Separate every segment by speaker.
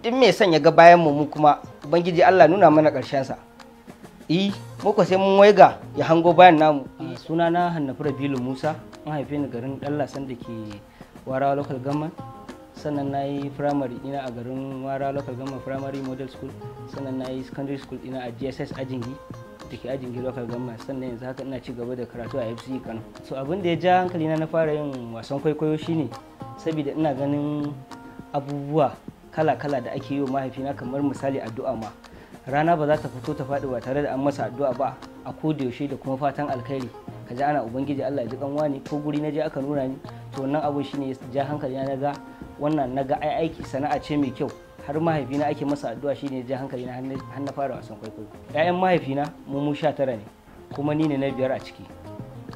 Speaker 1: duk mai son ya ga bayan mu kuma ubangiji Allah nuna mana ƙarshen sa e muka sai mun waiga ya hango bayan namu e, suna na Hannafu Rabilu Musa an haife ni garin Dallasan da ke Warawa Local Government sannan na yi firamare ina a garin Warawa Local Government Primary Model School sannan na yi secondary school ina a gss Ajingi da ke ajingi local government sannan yanzu haka ina ci gaba da karatu a fc Kano so abin da ya ja hankali na na fara yin wasan kwaikwayo shine saboda ina ganin abubuwa kala-kala da ake yi wa mahaifina kamar misali addu'a ma rana ba za ta fito ta faɗi ba tare da an masa addu'a ba a koda yaushe da kuma fatan alkhairi ka ji ana ubangiji Allah ya ji kanwa ne ko guri na je aka nuna ni to wannan abun shine ya ja hankali na ga wannan na ga ai aiki sana'a ce mai kyau har mahaifina ake masa addu'a shine ya ja hankali na har na fara wasan kwaikwayo ƴaƴan mahaifina mu mu tara ne kuma ni ne na biyar a ciki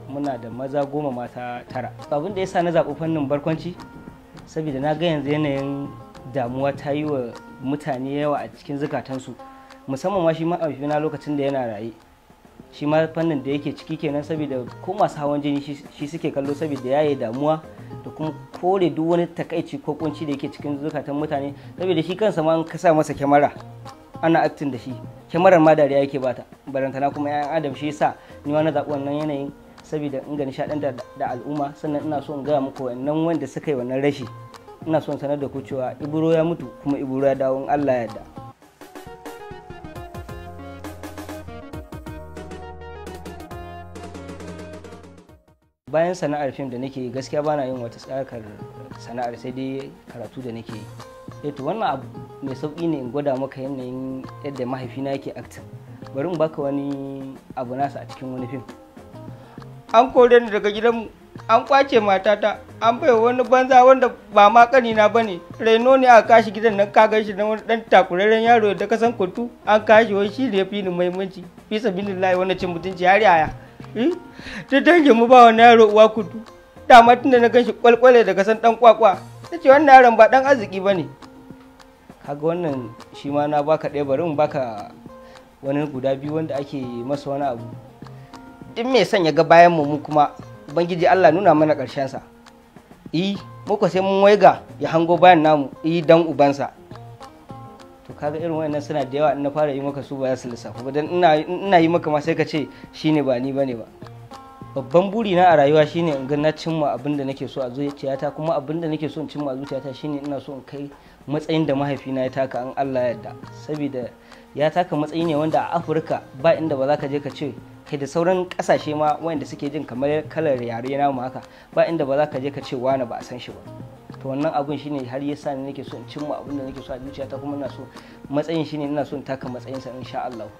Speaker 1: muna da maza goma mata tara abin da sa na zaɓi fannin barkwanci saboda na ga yanzu yanayin damuwa ta yi wa mutane yawa a cikin zukatansu musamman ma shi mahaifina lokacin da yana raye shi ma fannin da yake ciki kenan saboda ko masu hawan jini shi suke kallo saboda yaye damuwa da kuma kore duk wani takaici ko kunci da yake cikin zukatan mutane saboda shi kansa ma ka kasa masa kyamara ana aktin da shi kyamarar ma dariya yake bata barantana kuma 'ya'yan adam shi yasa ni ma na zaɓi wannan yanayin saboda in ga nishaɗantar da al'umma sannan ina so in gaya muku wannan wanda suka yi wannan rashi ina son sanar da ku cewa ibro ya mutu kuma iburo ya dawo in allah yadda bayan sana'ar fim da nake gaskiya bana yin wata tsakar sana'ar sai dai karatu da nake yi eh to wannan abu mai sauƙi ne in gwada maka yanayin yadda mahaifina yake aktin. bari in baka wani abu nasa a cikin wani fim an kore ni daga gidanmu an kwace matata an bai wani banza wanda ba ma kani ba ne raino ne a kashi gidan nan kagan shi na wani dan takuraren yaro da kasan kutu an kashi wai shi ne ya fi ni muhimmanci fi sabilillahi wannan cin mutunci har yaya ta eh? dange mu ba wani yaro uwa kutu dama tunda na ganshi kwalkwale da kasan dan kwakwa ta ce wannan yaron ba dan arziki ba ne kaga wannan shi ma na baka ɗaya bari in baka wani guda biyu wanda ake masa wani abu duk mai sanya ga bayan mu kuma ubangiji Allah nuna mana ƙarshen sa eh muka sai mun waiga ya hango bayan namu i e, dan ubansa to kaga irin wayannan suna da yawa na fara yi maka su ba ya su lissafu dan ina ina yi maka ma sai ka ce shine ba ni bane ba babban buri na a rayuwa shine in ga na cimma abin da nake so a zuciyata kuma abin da nake so in cimma a zuciyata shine ina so in kai matsayin da mahaifina ya taka in Allah ya yarda saboda ya taka matsayi ne wanda a Afirka ba inda ba za ka je ka ce kai da sauran kasashe ma wanda suke jin kamar kalar yare na mu haka ba inda ba za ka je ka ce wani ba a san shi ba to wannan abun shine har yasa ni nake so in cimma abin da nake so a zuciya ta kuma ina so matsayin shine ina so in taka matsayin sa insha Allah